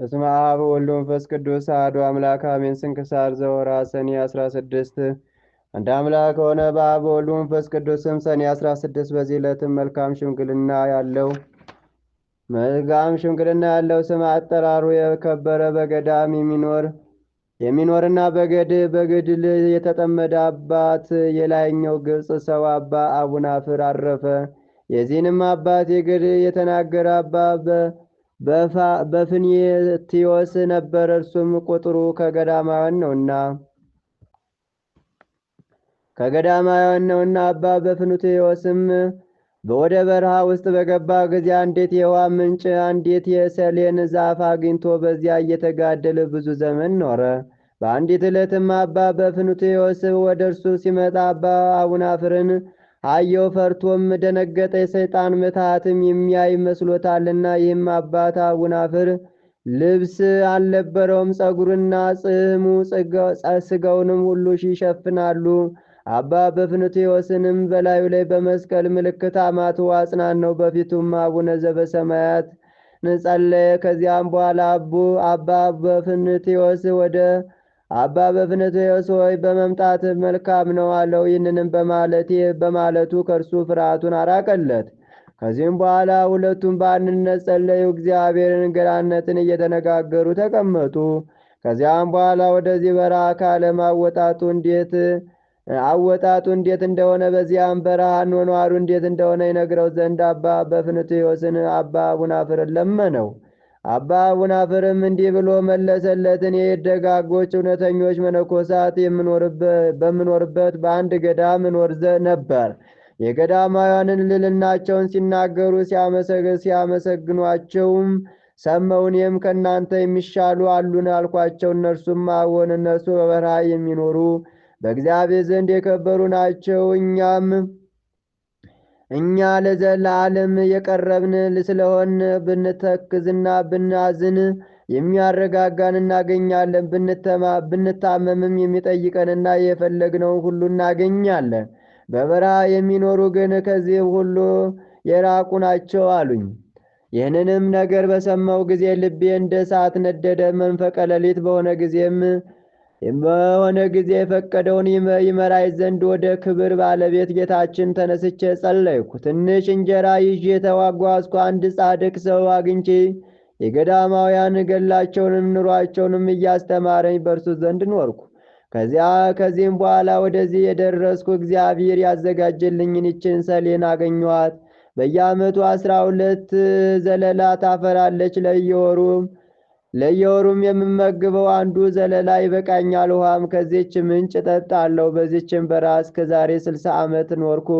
በስመ አብ መንፈስ ቅዱስ አሐዱ አምላክ አሜን። ስንክሳር ዘወርኃ ሰኔ 16 አንድ አምላክ ከሆነ በአብ ወልድ መንፈስ ቅዱስም ሰኔ 16 በዚህ ዕለትም መልካም ሽምግልና ያለው መልካም ሽምግልና ያለው ስም አጠራሩ የከበረ በገዳም የሚኖር የሚኖርና በገድ በገድል የተጠመደ አባት የላይኛው ግብፅ ሰው አባ አቡናፍር አረፈ። የዚህንም አባት የገድ የተናገረ አባ በፍንዮስ ነበር፣ እርሱም ቁጥሩ ከገዳማውያን ነውና ከገዳማውያን ነውና አባ በፍንትዮስም ወደ በረሃ ውስጥ በገባ ጊዜ አንዲት የውሃ ምንጭ፣ አንዲት የሰሌን ዛፍ አግኝቶ በዚያ እየተጋደለ ብዙ ዘመን ኖረ። በአንዲት ዕለትም አባ በፍንትዮስ ወደ እርሱ ሲመጣ አባ አቡናፍርን አየው ፈርቶም ደነገጠ። የሰይጣን ምትሃትም የሚያይ መስሎታልና። ይህም አባት አቡናፍር ልብስ አልነበረውም፣ ጸጉርና ጽሕሙ ስጋውንም ሁሉ ይሸፍናሉ። አባ በፍንትዮስንም በላዩ ላይ በመስቀል ምልክት አማቱ አጽናን ነው። በፊቱም አቡነ ዘበሰማያት ንጸለየ። ከዚያም በኋላ አቡ አባ በፍንትዮስ ወደ አባ በፍነቶስ ሆይ በመምጣት መልካም ነው አለው። ይህንንም በማለት በማለቱ ከእርሱ ፍርሃቱን አራቀለት። ከዚህም በኋላ ሁለቱም በአንድነት ጸለዩ። እግዚአብሔርን ገናነትን እየተነጋገሩ ተቀመጡ። ከዚያም በኋላ ወደዚህ በረሃ ከዓለም አወጣጡ እንዴት አወጣጡ እንዴት እንደሆነ በዚያም በረሃ አኗኗሩ እንዴት እንደሆነ ይነግረው ዘንድ አባ በፍንትዮስን አባ ቡናፍርን ለመነው። አባ አቡናፍርም እንዲህ ብሎ መለሰለት። እኔ ደጋጎች እውነተኞች መነኮሳት በምኖርበት በአንድ ገዳም እኖር ነበር። የገዳማውያንን ልልናቸውን ሲናገሩ ሲያመሰግኗቸውም ሰማሁ። እኔም ከእናንተ የሚሻሉ አሉን አልኳቸው። እነርሱም አዎን፣ እነርሱ በበረሃ የሚኖሩ በእግዚአብሔር ዘንድ የከበሩ ናቸው እኛም እኛ ለዘላለም የቀረብን ስለሆን ብንተክዝና ብናዝን የሚያረጋጋን እናገኛለን፣ ብንታመምም የሚጠይቀንና የፈለግነውን ሁሉ እናገኛለን። በበረሃ የሚኖሩ ግን ከዚህ ሁሉ የራቁ ናቸው አሉኝ። ይህንንም ነገር በሰማው ጊዜ ልቤ እንደ እሳት ነደደ። መንፈቀ ሌሊት በሆነ ጊዜም በሆነ ጊዜ የፈቀደውን ይመራይ ዘንድ ወደ ክብር ባለቤት ጌታችን ተነስቼ ጸለይኩ። ትንሽ እንጀራ ይዤ የተዋጓዝኩ አንድ ጻድቅ ሰው አግኝቼ የገዳማውያን ገላቸውንም ኑሯቸውንም እያስተማረኝ በእርሱ ዘንድ ኖርኩ። ከዚያ ከዚህም በኋላ ወደዚህ የደረስኩ እግዚአብሔር ያዘጋጀልኝን ይችን ሰሌን አገኘኋት። በየዓመቱ አስራ ሁለት ዘለላ ታፈራለች ለየወሩም ለየወሩም የምመግበው አንዱ ዘለላ ይበቃኛል፣ ውሃም ከዚች ምንጭ እጠጣለሁ። በዚችም በረሃ እስከ ዛሬ ስልሳ ዓመት ኖርኩ፣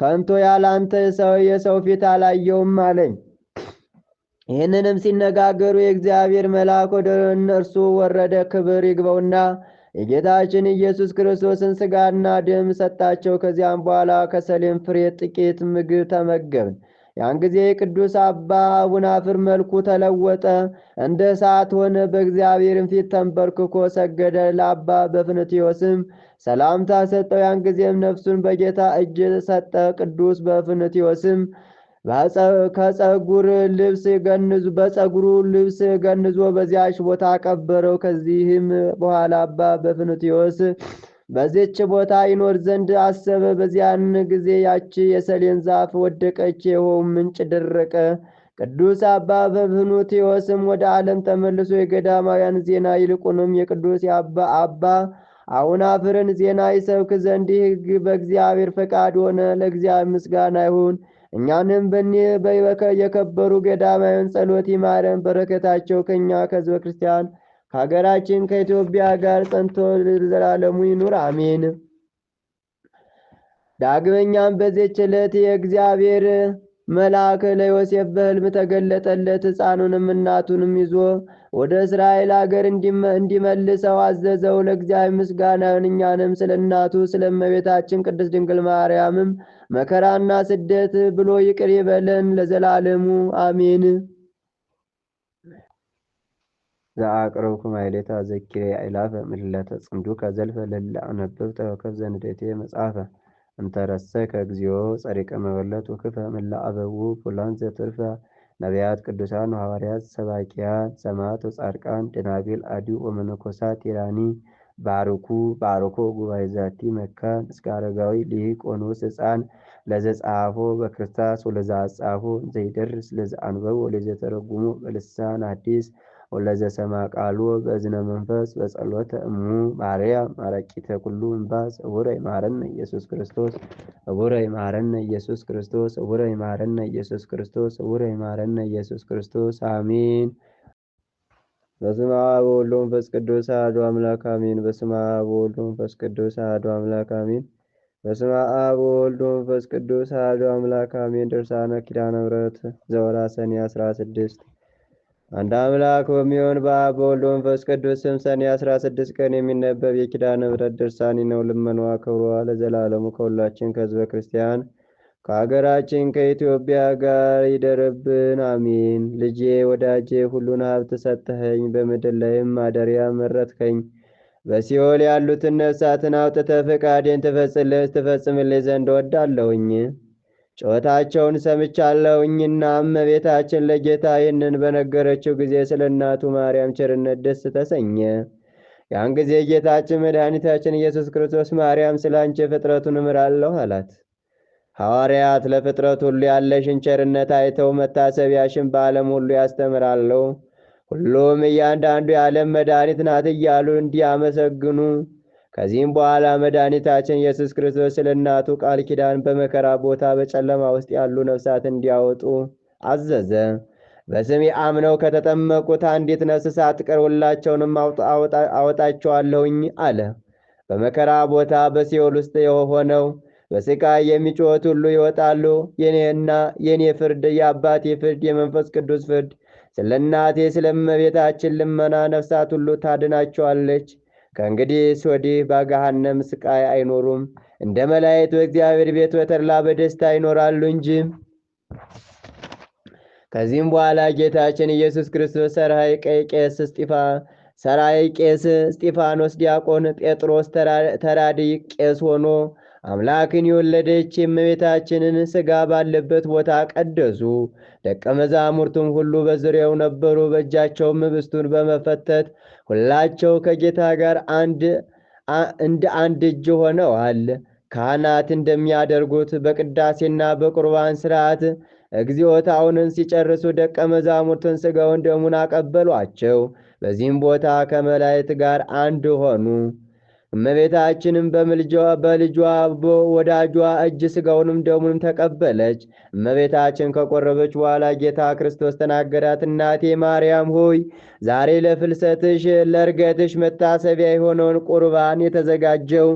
ከንቶ ያላንተ ሰው የሰው ፊት አላየውም አለኝ። ይህንንም ሲነጋገሩ የእግዚአብሔር መልአክ ወደ እነርሱ ወረደ። ክብር ይግበውና የጌታችን ኢየሱስ ክርስቶስን ሥጋና ደም ሰጣቸው። ከዚያም በኋላ ከሰሌም ፍሬ ጥቂት ምግብ ተመገብን። ያን ጊዜ ቅዱስ አባ ቡናፍር መልኩ ተለወጠ፣ እንደ እሳት ሆነ። በእግዚአብሔርም ፊት ተንበርክኮ ሰገደ። ለአባ በፍንትዮስም ሰላምታ ሰጠው። ያን ጊዜም ነፍሱን በጌታ እጅ ሰጠ። ቅዱስ በፍንትዮስም ከጸጉር ልብስ ገንዞ በጸጉሩ ልብስ ገንዞ በዚያች ቦታ ቀበረው። ከዚህም በኋላ አባ በፍንትዮስ በዚች ቦታ ይኖር ዘንድ አሰበ። በዚያን ጊዜ ያቺ የሰሌን ዛፍ ወደቀች፣ የውኃውም ምንጭ ደረቀ። ቅዱስ አባ በፍኑትዮስም ወደ ዓለም ተመልሶ የገዳማውያን ዜና ይልቁንም የቅዱስ አባ አባ አውናፍርን ዜና ይሰብክ ዘንድ ሕግ በእግዚአብሔር ፈቃድ ሆነ። ለእግዚአብሔር ምስጋና ይሁን። እኛንም በኒህ የከበሩ ገዳማውያን ጸሎት ይማረን። በረከታቸው ከእኛ ከሕዝበ ክርስቲያን ከሀገራችን ከኢትዮጵያ ጋር ጸንቶ ለዘላለሙ ይኑር፣ አሜን። ዳግመኛም በዚች ዕለት የእግዚአብሔር መልአክ ለዮሴፍ በሕልም ተገለጠለት። ሕፃኑንም እናቱንም ይዞ ወደ እስራኤል አገር እንዲመልሰው አዘዘው። ለእግዚአብሔር ምስጋናን እኛንም ስለ እናቱ ስለ እመቤታችን ቅድስት ድንግል ማርያምም መከራና ስደት ብሎ ይቅር ይበለን ለዘላለሙ አሜን። ዘአቅርብኩ ማሕሌተ ዘኪሬ አእላፈ ምሕለተ ጽምዱ ከዘልፈ ለለ አነብብ ተወከፍ ዘንዴቴ መጽሐፈ እንተረሰ ከእግዚኦ ጸሪቀ መበለት ውክፈ ምላ አበቡ ፑላን ዘትርፈ ነቢያት ቅዱሳን ሐዋርያት ሰባኪያን ሰማዕት ወጻድቃን ደናግል አዲ ወመነኮሳት ቲራኒ ባርኩ ባርኮ ጉባኤ ዛቲ መካን እስከ አረጋዊ ሊቅ ቆኖስ ህፃን ለዘጻፎ በክርስታስ ወለዘአጻፎ ዘይደርስ ለዘአንበብ ወለዘተረጉሞ በልሳን አዲስ ወለዘ ሰማ ቃሉ በዝነ መንፈስ በጸሎተ እሙ ማርያም ማረቂተ ኩሉ እንባስ እቡረ ይማረነ ኢየሱስ ክርስቶስ እቡረ ይማረነ ኢየሱስ ክርስቶስ እቡረ ይማረነ ኢየሱስ ክርስቶስ እቡረ ይማረነ ኢየሱስ ክርስቶስ አሜን። በስመ አብ ወወልድ ወመንፈስ ቅዱስ አሐዱ አምላክ አሜን። በስመ አብ ወወልድ ወመንፈስ ቅዱስ አሐዱ አምላክ አሜን። በስመ አብ ወወልድ ወመንፈስ ቅዱስ አሐዱ አምላክ አሜን። ድርሳነ ኪዳነ ምሕረት ዘወርኃ ሰኔ 16 አንድ አምላክ በሚሆን በአብ በወልድ በመንፈስ ቅዱስ ስም ሰኔ አስራ ስድስት ቀን የሚነበብ የኪዳነ ምሕረት ድርሳኔ ነው። ልመኗ ክብሯ ለዘላለሙ ከሁላችን ከህዝበ ክርስቲያን ከሀገራችን ከኢትዮጵያ ጋር ይደርብን፣ አሚን። ልጄ ወዳጄ ሁሉን ሀብት ሰጠኸኝ፣ በምድር ላይም ማደሪያ መረጥከኝ። በሲኦል ያሉትን ነፍሳትን አውጥተህ ፈቃዴን ትፈጽምልህ ዘንድ ወዳለሁኝ። ጩኸታቸውን ሰምቻለሁኝና እመቤታችን ለጌታ ይህንን በነገረችው ጊዜ ስለ እናቱ ማርያም ቸርነት ደስ ተሰኘ። ያን ጊዜ ጌታችን መድኃኒታችን ኢየሱስ ክርስቶስ ማርያም ስለ አንቺ ፍጥረቱን እምራለሁ አላት። ሐዋርያት ለፍጥረት ሁሉ ያለሽን ቸርነት አይተው መታሰቢያሽን በዓለም ሁሉ ያስተምራለሁ፣ ሁሉም እያንዳንዱ የዓለም መድኃኒት ናት እያሉ እንዲያመሰግኑ ከዚህም በኋላ መድኃኒታችን ኢየሱስ ክርስቶስ ስለ እናቱ ቃል ኪዳን በመከራ ቦታ በጨለማ ውስጥ ያሉ ነፍሳት እንዲያወጡ አዘዘ። በስሜ አምነው ከተጠመቁት አንዲት ነፍስ ሳትቀር ሁላቸውንም አወጣቸዋለሁኝ አለ። በመከራ ቦታ በሲኦል ውስጥ የሆነው በስቃይ የሚጮኸት ሁሉ ይወጣሉ። የኔና የኔ ፍርድ የአባቴ ፍርድ የመንፈስ ቅዱስ ፍርድ ስለ እናቴ ስለመቤታችን ልመና ነፍሳት ሁሉ ታድናቸዋለች። ከእንግዲህስ ወዲህ በገሃነም ስቃይ አይኖሩም፣ እንደ መላእክት በእግዚአብሔር ቤት በተድላ በደስታ ይኖራሉ እንጂ። ከዚህም በኋላ ጌታችን ኢየሱስ ክርስቶስ ሰርሃይ ቀይ ቄስ ስጢፋ ሰራይ ቄስ እስጢፋኖስ ዲያቆን ጴጥሮስ ተራድይ ቄስ ሆኖ አምላክን የወለደች የእመቤታችንን ሥጋ ባለበት ቦታ ቀደሱ። ደቀ መዛሙርቱም ሁሉ በዙሪያው ነበሩ። በእጃቸውም ኅብስቱን በመፈተት ሁላቸው ከጌታ ጋር እንደ አንድ እጅ ሆነዋል። ካህናት እንደሚያደርጉት በቅዳሴና በቁርባን ሥርዓት እግዚኦታውንን ሲጨርሱ ደቀ መዛሙርትን ሥጋውን ደሙን አቀበሏቸው። በዚህም ቦታ ከመላእክት ጋር አንድ ሆኑ። እመቤታችንም በምልጃዋ በልጇ ወዳጇ እጅ ስጋውንም ደሙንም ተቀበለች። እመቤታችን ከቆረበች በኋላ ጌታ ክርስቶስ ተናገራት። እናቴ ማርያም ሆይ ዛሬ ለፍልሰትሽ ለእርገትሽ መታሰቢያ የሆነውን ቁርባን የተዘጋጀው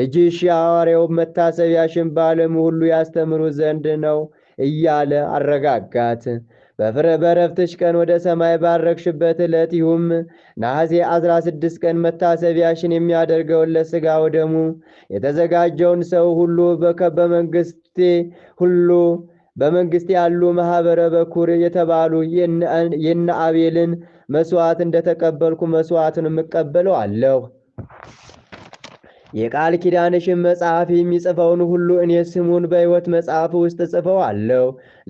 ልጅሽ የሐዋርያው መታሰቢያሽን በዓለም ሁሉ ያስተምሩ ዘንድ ነው እያለ አረጋጋት። በረፍትሽ ቀን ወደ ሰማይ ባረግሽበት ዕለት ይሁም ነሐሴ 16 ቀን መታሰቢያሽን የሚያደርገውን ለሥጋ ወደሙ የተዘጋጀውን ሰው ሁሉ በመንግስቴ ሁሉ በመንግስት ያሉ ማኅበረ በኩር የተባሉ የነ አቤልን መሥዋዕት እንደተቀበልኩ መሥዋዕትን የምቀበለው አለሁ። የቃል ኪዳንሽን መጽሐፍ የሚጽፈውን ሁሉ እኔ ስሙን በሕይወት መጽሐፍ ውስጥ ጽፈው አለው።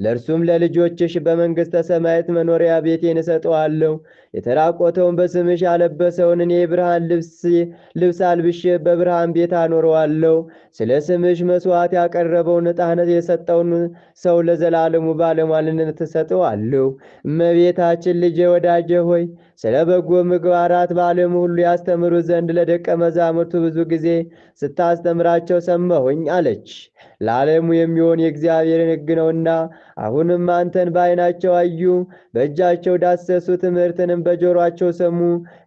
ለእርሱም ለልጆችሽ በመንግሥተ ሰማያት መኖሪያ ቤቴን እሰጠዋለሁ። የተራቆተውን በስምሽ ያለበሰውን እኔ የብርሃን ልብስ አልብሼ በብርሃን ቤት አኖረዋለሁ። ስለ ስምሽ መሥዋዕት ያቀረበውን ዕጣነት የሰጠውን ሰው ለዘላለሙ ባለሟልነት እሰጠዋለሁ። እመቤታችን ልጄ ወዳጄ ሆይ ስለ በጎ ምግባራት በዓለም ሁሉ ያስተምሩ ዘንድ ለደቀ መዛሙርቱ ብዙ ጊዜ ስታስተምራቸው ሰማሁኝ አለች። ለዓለሙ የሚሆን የእግዚአብሔርን ሕግ ነውና አሁንም አንተን በዓይናቸው አዩ፣ በእጃቸው ዳሰሱ፣ ትምህርትንም በጆሮአቸው ሰሙ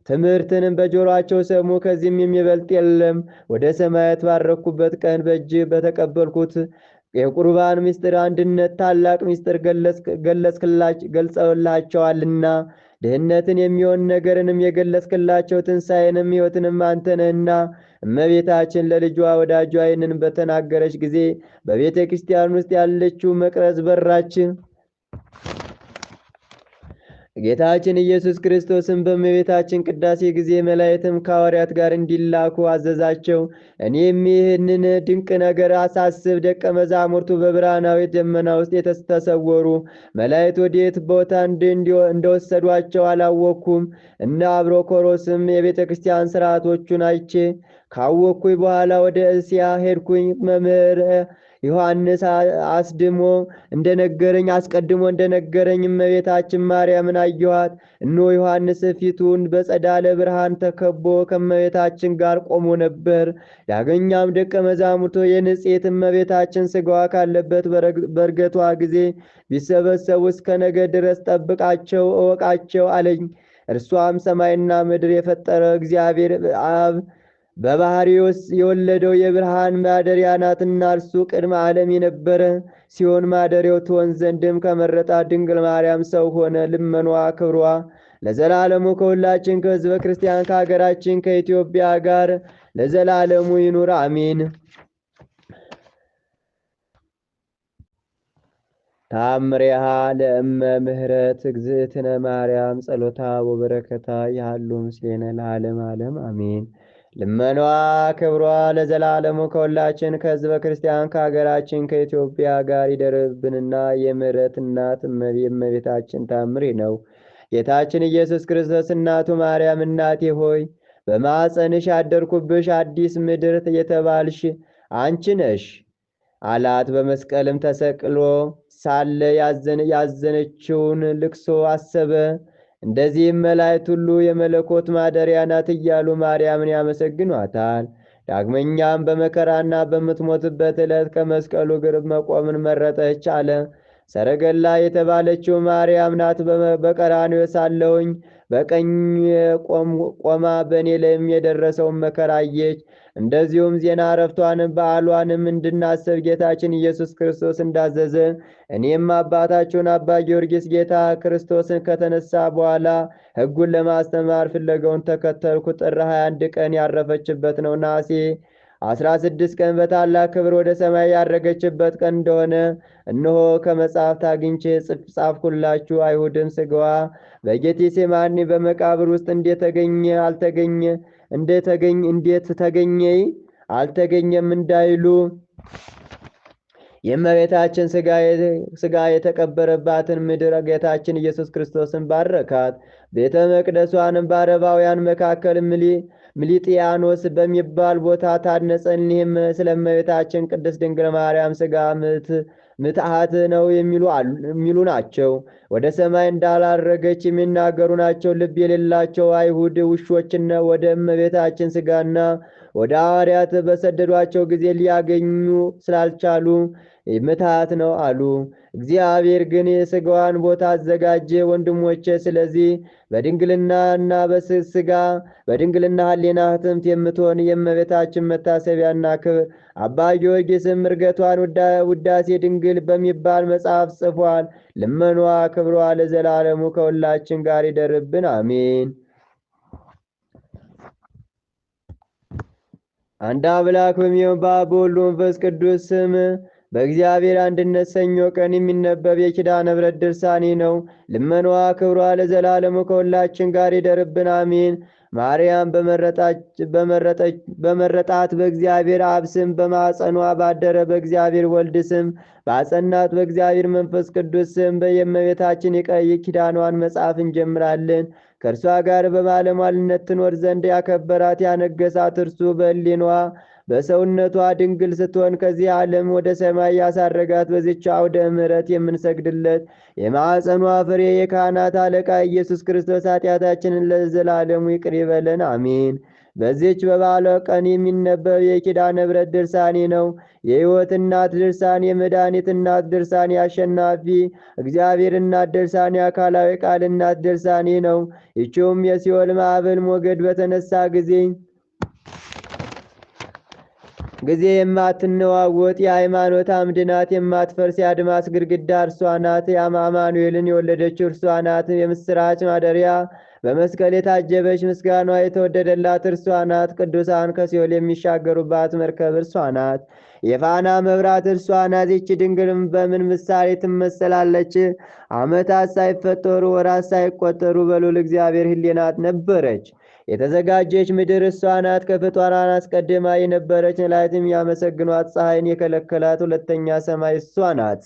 ትምህርትንም በጆሮአቸው ሰሙ። ከዚህም የሚበልጥ የለም። ወደ ሰማያት ባረኩበት ቀን በእጅ በተቀበልኩት የቁርባን ምስጢር አንድነት ታላቅ ምስጢር ገልጸውላቸዋልና ድህነትን የሚሆን ነገርንም የገለጽክላቸው ትንሣኤንም ሕይወትንም አንተነህና እመቤታችን ለልጇ ወዳጇ ይህንን በተናገረች ጊዜ በቤተ ክርስቲያን ውስጥ ያለችው መቅረዝ በራችን ጌታችን ኢየሱስ ክርስቶስም በእመቤታችን ቅዳሴ ጊዜ መላእክትም ከሐዋርያት ጋር እንዲላኩ አዘዛቸው። እኔም ይህንን ድንቅ ነገር አሳስብ ደቀ መዛሙርቱ በብርሃናዊ ደመና ውስጥ የተተሰወሩ መላእክት ወዴት ቦታ እንደወሰዷቸው አላወቅኩም እና አብሮኮሮስም የቤተ ክርስቲያን ስርዓቶቹን አይቼ ካወቅኩኝ በኋላ ወደ እስያ ሄድኩኝ መምህር ዮሐንስ አስድሞ እንደነገረኝ አስቀድሞ እንደነገረኝ እመቤታችን ማርያምን አየኋት። እነሆ ዮሐንስ ፊቱን በጸዳለ ብርሃን ተከቦ ከእመቤታችን ጋር ቆሞ ነበር። ያገኛም ደቀ መዛሙርቶ የንጽሕት እመቤታችን ስጋዋ ካለበት በእርገቷ ጊዜ ቢሰበሰቡ እስከ ነገ ድረስ ጠብቃቸው፣ እወቃቸው አለኝ። እርሷም ሰማይና ምድር የፈጠረ እግዚአብሔር አብ በባህሪ ውስጥ የወለደው የብርሃን ማደሪያ ናትና እርሱ ቅድመ ዓለም የነበረ ሲሆን ማደሪያው ትሆን ዘንድም ከመረጣት ድንግል ማርያም ሰው ሆነ። ልመኗ ክብሯ ለዘላለሙ ከሁላችን ከሕዝበ ክርስቲያን ከሀገራችን ከኢትዮጵያ ጋር ለዘላለሙ ይኑር፣ አሜን። ታምሬሃ ለእመ ምህረት እግዝእትነ ማርያም ጸሎታ ወበረከታ ያሉ ምስሌነ ለዓለም ዓለም አሜን። ልመኗ ክብሯ ለዘላለሙ ከሁላችን ከህዝበ ክርስቲያን ከሀገራችን ከኢትዮጵያ ጋር ይደርብንና የምሕረት እናት የእመቤታችን ታምሪ ነው። ጌታችን ኢየሱስ ክርስቶስ እናቱ ማርያም እናቴ ሆይ በማፀንሽ ያደርኩብሽ አዲስ ምድር የተባልሽ አንቺ ነሽ አላት። በመስቀልም ተሰቅሎ ሳለ ያዘነችውን ልቅሶ አሰበ። እንደዚህም መላእክት ሁሉ የመለኮት ማደሪያ ናት እያሉ ማርያምን ያመሰግኗታል። ዳግመኛም በመከራና በምትሞትበት ዕለት ከመስቀሉ ግርብ መቆምን መረጠች አለ። ሰረገላ የተባለችው ማርያም ናት። በቀራንዮ ሳለሁኝ በቀኝ ቆማ በእኔ ላይም የደረሰውን መከራ አየች። እንደዚሁም ዜና ዕረፍቷንም በዓሏንም እንድናስብ ጌታችን ኢየሱስ ክርስቶስ እንዳዘዘ እኔም አባታችሁን አባ ጊዮርጊስ ጌታ ክርስቶስን ከተነሳ በኋላ ሕጉን ለማስተማር ፍለገውን ተከተልኩ። ጥር 21 ቀን ያረፈችበት ነው። ነሐሴ 16 ቀን በታላቅ ክብር ወደ ሰማይ ያረገችበት ቀን እንደሆነ እነሆ ከመጽሐፍት አግኝቼ ጻፍኩላችሁ። አይሁድም ሥጋዋ በጌቴሴማኒ በመቃብር ውስጥ እንደተገኘ አልተገኘ እንዴት ተገኘ አልተገኘም እንዳይሉ የእመቤታችን ስጋ የተቀበረባትን ምድር ጌታችን ኢየሱስ ክርስቶስን ባረካት። ቤተ መቅደሷንም በአረባውያን መካከል ሚሊጢያኖስ በሚባል ቦታ ታነጸን። ይህም ስለ እመቤታችን ቅድስት ድንግል ማርያም ስጋ ምት ምትሃት ነው የሚሉ ናቸው። ወደ ሰማይ እንዳላረገች የሚናገሩ ናቸው። ልብ የሌላቸው አይሁድ ውሾችን ወደ እመቤታችን ስጋና ወደ ሐዋርያት በሰደዷቸው ጊዜ ሊያገኙ ስላልቻሉ ምታት ነው አሉ። እግዚአብሔር ግን የሥጋዋን ቦታ አዘጋጀ። ወንድሞቼ ስለዚህ በድንግልናና በስጋ በድንግልና ኅሊና ሕትምት የምትሆን የእመቤታችን መታሰቢያና ክብር አባ ጊዮርጊስም እርገቷን ውዳሴ ድንግል በሚባል መጽሐፍ ጽፏል። ልመኗ ክብሯ ለዘላለሙ ከሁላችን ጋር ይደርብን፣ አሜን። አንድ አምላክ በሚሆን በአብ በወልድ በመንፈስ ቅዱስ ስም በእግዚአብሔር አንድነት ሰኞ ቀን የሚነበብ የኪዳነ ምሕረት ድርሳኔ ነው። ልመናዋ ክብሯ ለዘላለሙ ከሁላችን ጋር ይደርብን፣ አሜን። ማርያም በመረጣት በእግዚአብሔር አብ ስም በማጸኗ ባደረ በእግዚአብሔር ወልድ ስም በአጸናት በእግዚአብሔር መንፈስ ቅዱስ ስም በየእመቤታችን የቀይ ኪዳኗን መጽሐፍ እንጀምራለን። ከእርሷ ጋር በባለሟልነት ትኖር ዘንድ ያከበራት ያነገሳት እርሱ በሊኗ! በሰውነቷ ድንግል ስትሆን ከዚህ ዓለም ወደ ሰማይ ያሳረጋት በዚች አውደ ምሕረት የምንሰግድለት የማዕፀኗ ፍሬ የካህናት አለቃ ኢየሱስ ክርስቶስ ኃጢአታችንን ለዘላለሙ ይቅር ይበለን፣ አሜን። በዚች በበዓሏ ቀን የሚነበብ የኪዳነ ምሕረት ድርሳኔ ነው። የሕይወት እናት ድርሳን፣ የመድኃኒት እናት ድርሳን፣ አሸናፊ እግዚአብሔር እናት ድርሳን፣ የአካላዊ ቃል እናት ድርሳኔ ነው። ይችውም የሲኦል ማዕበል ሞገድ በተነሳ ጊዜ ጊዜ የማትነዋወጥ የሃይማኖት አምድ ናት። የማትፈርስ የአድማስ ግድግዳ እርሷ ናት። አማኑኤልን የወለደችው እርሷ ናት። የምስራች ማደሪያ በመስቀል የታጀበች ምስጋኗ የተወደደላት እርሷ ናት። ቅዱሳን ከሲኦል የሚሻገሩባት መርከብ እርሷ ናት። የፋና መብራት እርሷ ናት። ይቺ ድንግል በምን ምሳሌ ትመሰላለች? ዓመታት ሳይፈጠሩ ወራት ሳይቆጠሩ በሉል እግዚአብሔር ሕሊናት ነበረች። የተዘጋጀች ምድር እሷ ናት። ከፍቷን አስቀድማ የነበረች ላይትም ያመሰግኗት ፀሐይን የከለከላት ሁለተኛ ሰማይ እሷ ናት።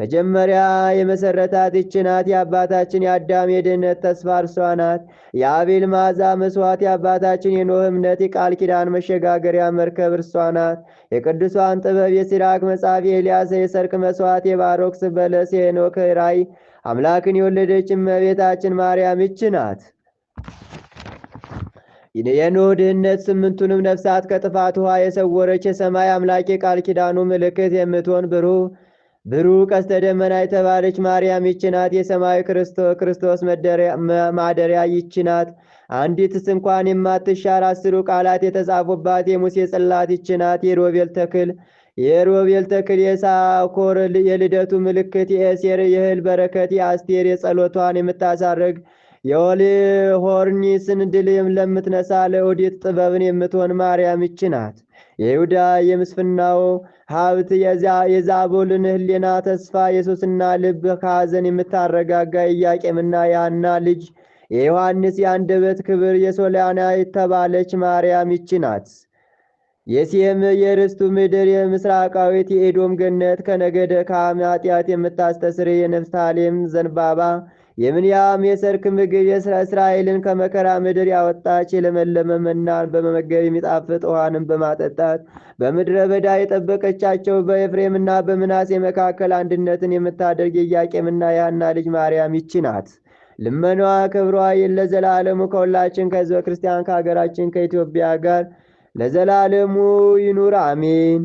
መጀመሪያ የመሰረታት ይች ናት። የአባታችን የአዳም የድህነት ተስፋ እርሷ ናት። የአቤል ማዛ መስዋዕት፣ የአባታችን የኖህ እምነት፣ የቃል ኪዳን መሸጋገሪያ መርከብ እርሷ ናት። የቅዱሷን ጥበብ፣ የሲራክ መጽሐፍ፣ የኤልያስ የሰርክ መስዋዕት፣ የባሮክ በለስ፣ የኖክ ራይ አምላክን የወለደች እመቤታችን ማርያም ይች ናት። የኖኅ ድህነት ስምንቱንም ነፍሳት ከጥፋት ውኃ የሰወረች የሰማይ አምላክ የቃል ኪዳኑ ምልክት የምትሆን ብሩህ ብሩ ቀስተ ደመና የተባለች ማርያም ይችናት። ናት። የሰማይ ክርስቶስ ማደሪያ ይችናት። አንዲት ስንኳን እንኳን የማትሻር አስሩ ቃላት የተጻፉባት የሙሴ ጽላት ይችናት። ናት። የሮቤል ተክል የሮቤል ተክል የሳኮር የልደቱ ምልክት የእሴር የእህል በረከት የአስቴር የጸሎቷን የምታሳርግ ሆርኒስን ድል ለምትነሳ ለኦዲት ጥበብን የምትሆን ማርያም ይች ናት። የይሁዳ የምስፍናው ሀብት የዛቦልን ህሌና ተስፋ የሱስና ልብ ከሐዘን የምታረጋጋ ኢያቄምና የሐና ልጅ የዮሐንስ የአንደበት ክብር የሶልያና የተባለች ማርያም ይች ናት። የሴም የርስቱ ምድር የምስራቃዊት የኤዶም ገነት ከነገደ ከኃጢአት የምታስተስር የነፍታሌም ዘንባባ የምንያም የሰርክ ምግብ የእስራኤልን ከመከራ ምድር ያወጣች የለመለመ መናን በመመገብ የሚጣፍጥ ውሃንም በማጠጣት በምድረ በዳ የጠበቀቻቸው በኤፍሬምና በምናሴ መካከል አንድነትን የምታደርግ የኢያቄምና የሐና ልጅ ማርያም ይቺ ናት። ልመኗ ክብሯ ለዘላለሙ ከሁላችን ከህዝበ ክርስቲያን ከሀገራችን ከኢትዮጵያ ጋር ለዘላለሙ ይኑር አሜን።